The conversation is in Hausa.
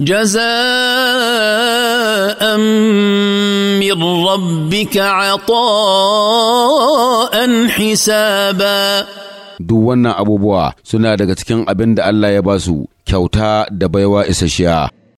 جزاء من ربك عطاء حسابا duk wannan abubuwa suna daga cikin abin da Allah ya basu kyauta da baiwa isasshiya